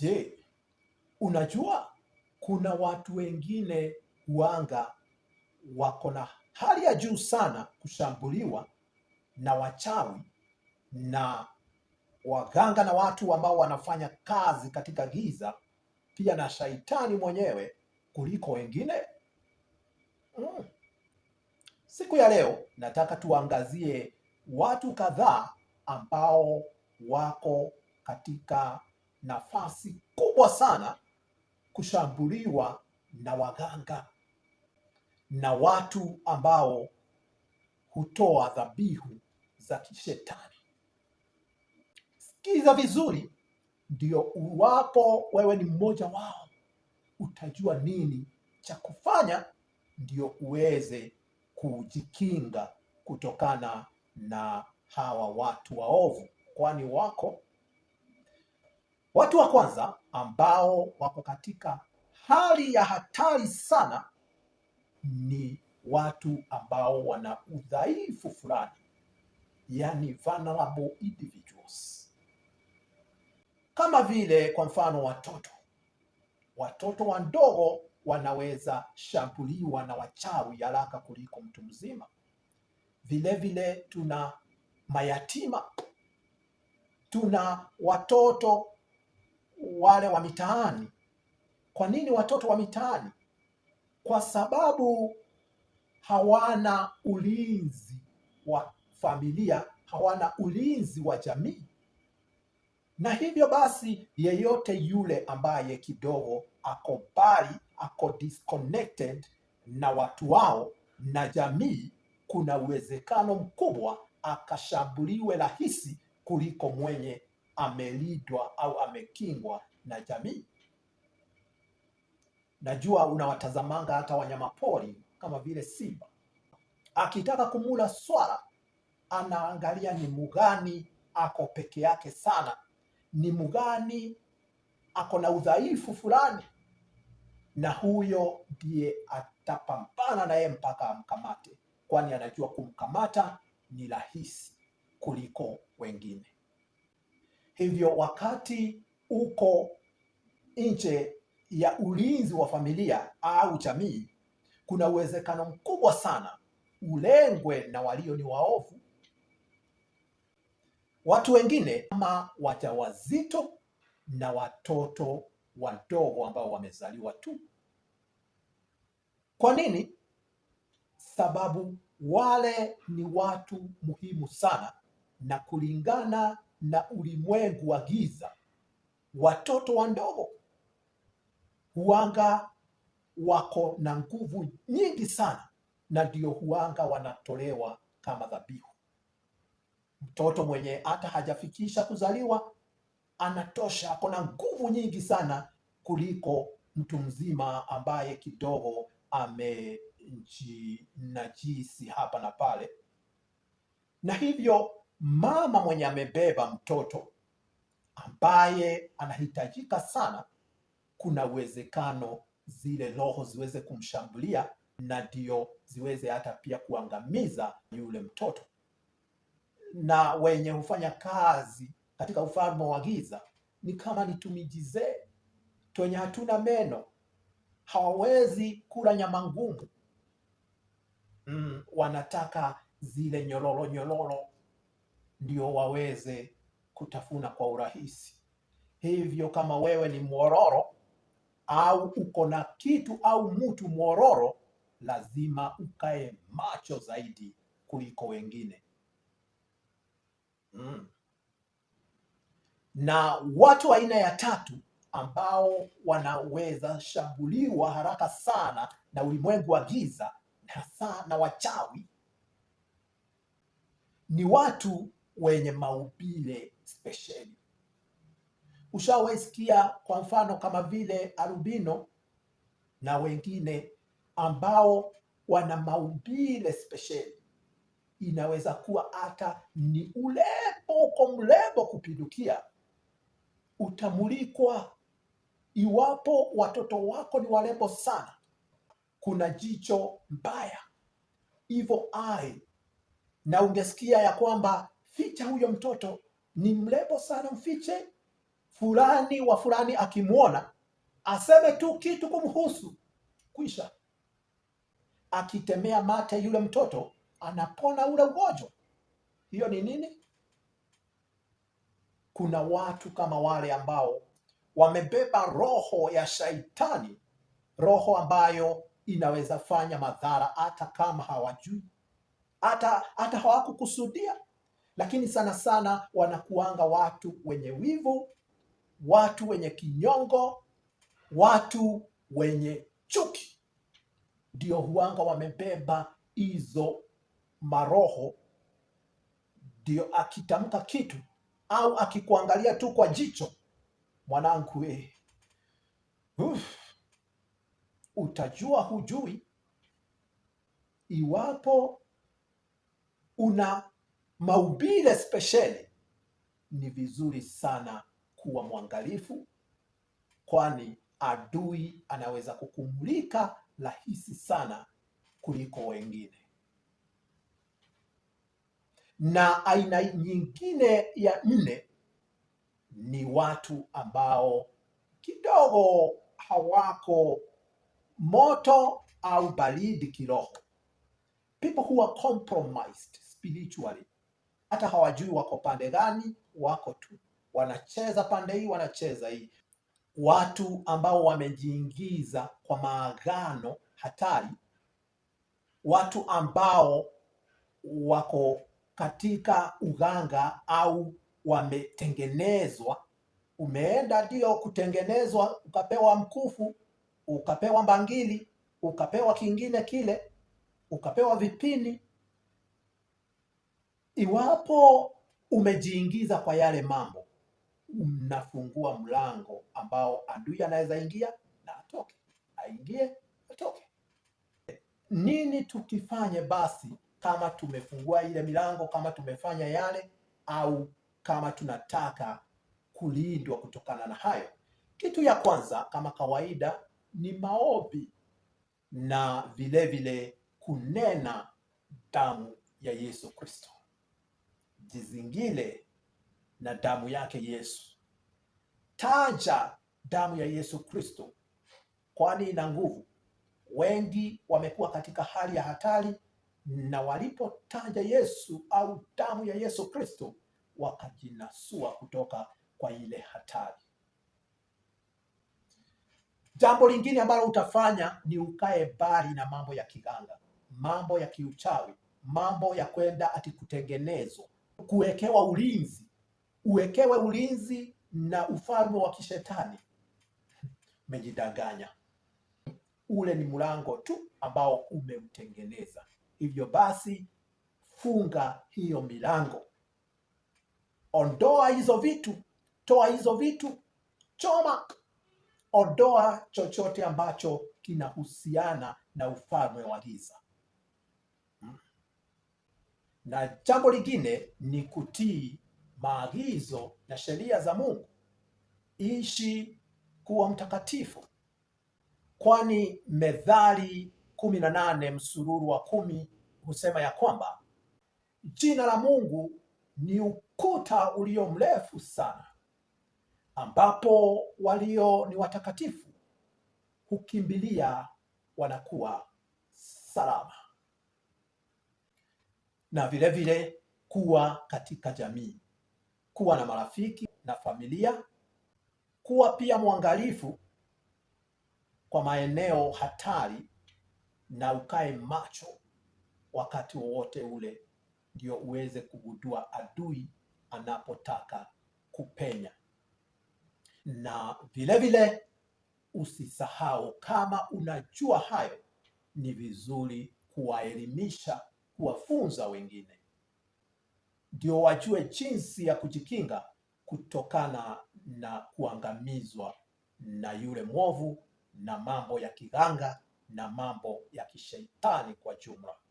Je, unajua kuna watu wengine huanga wako na hali ya juu sana kushambuliwa na wachawi na waganga na watu ambao wanafanya kazi katika giza, pia na shaitani mwenyewe kuliko wengine mm. Siku ya leo nataka tuangazie watu kadhaa ambao wako katika nafasi kubwa sana kushambuliwa na waganga na watu ambao hutoa dhabihu za kishetani. Sikiza vizuri, ndio uwapo wewe ni mmoja wao utajua nini cha kufanya, ndio uweze kujikinga kutokana na hawa watu waovu, kwani wako Watu wa kwanza ambao wako katika hali ya hatari sana ni watu ambao wana udhaifu fulani, yani vulnerable individuals, kama vile kwa mfano watoto. Watoto wadogo wanaweza shambuliwa na wachawi haraka kuliko mtu mzima. Vilevile tuna mayatima, tuna watoto wale wa mitaani. Kwa nini watoto wa mitaani? Kwa sababu hawana ulinzi wa familia, hawana ulinzi wa jamii, na hivyo basi yeyote yule ambaye kidogo ako mbali, ako disconnected na watu wao na jamii, kuna uwezekano mkubwa akashambuliwe rahisi kuliko mwenye amelindwa au amekingwa na jamii. Najua unawatazamanga hata wanyama pori kama vile simba, akitaka kumula swala anaangalia ni mugani ako peke yake sana, ni mugani ako na udhaifu fulani, na huyo ndiye atapambana naye mpaka amkamate, kwani anajua kumkamata ni rahisi kuliko wengine. Hivyo wakati uko nje ya ulinzi wa familia au jamii, kuna uwezekano mkubwa sana ulengwe na walio ni waovu, watu wengine kama wajawazito na watoto wadogo ambao wamezaliwa tu. Kwa nini? Sababu wale ni watu muhimu sana, na kulingana na ulimwengu wa giza, watoto ndogo huanga wako na nguvu nyingi sana, na ndio huanga wanatolewa kama dhabihu. Mtoto mwenye hata hajafikisha kuzaliwa anatosha, ako na nguvu nyingi sana kuliko mtu mzima ambaye kidogo amejinajisi hapa na pale, na hivyo mama mwenye amebeba mtoto ambaye anahitajika sana, kuna uwezekano zile roho ziweze kumshambulia na ndio ziweze hata pia kuangamiza yule mtoto. Na wenye hufanya kazi katika ufalme wa giza ni kama ni tumijizee twenye hatuna meno, hawawezi kula nyama ngumu. Mm, wanataka zile nyororo nyororo ndio waweze kutafuna kwa urahisi. Hivyo kama wewe ni mwororo au uko na kitu au mtu mwororo, lazima ukae macho zaidi kuliko wengine mm. Na watu aina ya tatu ambao wanaweza shambuliwa haraka sana na ulimwengu wa giza hasa na wachawi ni watu wenye maubile spesheli. Ushawaisikia kwa mfano kama vile Arubino na wengine ambao wana maubile spesheli. Inaweza kuwa hata ni urembo kwa mlembo kupindukia, utamulikwa iwapo watoto wako ni warembo sana. Kuna jicho mbaya hivyo ai, na ungesikia ya kwamba ficha huyo mtoto, ni mrembo sana, mfiche. Fulani wa fulani akimwona aseme tu kitu kumhusu, kwisha. Akitemea mate yule mtoto anapona ule ugonjwa. Hiyo ni nini? Kuna watu kama wale ambao wamebeba roho ya shaitani, roho ambayo inaweza fanya madhara hata kama hawajui, hata hata hawakukusudia lakini sana sana wanakuanga watu wenye wivu, watu wenye kinyongo, watu wenye chuki, ndio huanga wamebeba hizo maroho. Ndio akitamka kitu au akikuangalia tu kwa jicho, mwanangu we, eh, Uf, utajua hujui iwapo una mahubiri spesheli, ni vizuri sana kuwa mwangalifu, kwani adui anaweza kukumulika rahisi sana kuliko wengine. Na aina nyingine ya nne ni watu ambao kidogo hawako moto au baridi kiroho, people who are compromised spiritually hata hawajui wako pande gani, wako tu wanacheza pande hii, wanacheza hii. Watu ambao wamejiingiza kwa maagano hatari, watu ambao wako katika uganga au wametengenezwa. Umeenda ndio kutengenezwa, ukapewa mkufu, ukapewa mbangili, ukapewa kingine kile, ukapewa vipini Iwapo umejiingiza kwa yale mambo, unafungua mlango ambao adui anaweza ingia na atoke, aingie atoke. Nini tukifanye basi, kama tumefungua ile milango, kama tumefanya yale, au kama tunataka kulindwa kutokana na hayo? Kitu ya kwanza kama kawaida ni maombi na vilevile kunena damu ya Yesu Kristo zingine na damu yake Yesu. Taja damu ya Yesu Kristo, kwani ina nguvu. Wengi wamekuwa katika hali ya hatari, na walipotaja Yesu au damu ya Yesu Kristo wakajinasua kutoka kwa ile hatari. Jambo lingine ambalo utafanya ni ukae mbali na mambo ya kiganga, mambo ya kiuchawi, mambo ya kwenda ati kutengenezwa, kuwekewa ulinzi, uwekewe ulinzi na ufalme wa kishetani. Umejidanganya, ule ni mlango tu ambao umeutengeneza. Hivyo basi, funga hiyo milango, ondoa hizo vitu, toa hizo vitu, choma, ondoa chochote ambacho kinahusiana na ufalme wa giza na jambo lingine ni kutii maagizo na sheria za Mungu. Ishi kuwa mtakatifu, kwani Methali kumi na nane msururu wa kumi husema ya kwamba jina la Mungu ni ukuta ulio mrefu sana, ambapo walio ni watakatifu hukimbilia wanakuwa salama na vile vile kuwa katika jamii, kuwa na marafiki na familia, kuwa pia mwangalifu kwa maeneo hatari na ukae macho wakati wowote ule, ndio uweze kugundua adui anapotaka kupenya. Na vile vile usisahau, kama unajua hayo, ni vizuri kuwaelimisha kuwafunza wengine ndio wajue jinsi ya kujikinga kutokana na kuangamizwa na yule mwovu na mambo ya kiganga na mambo ya kishetani kwa jumla.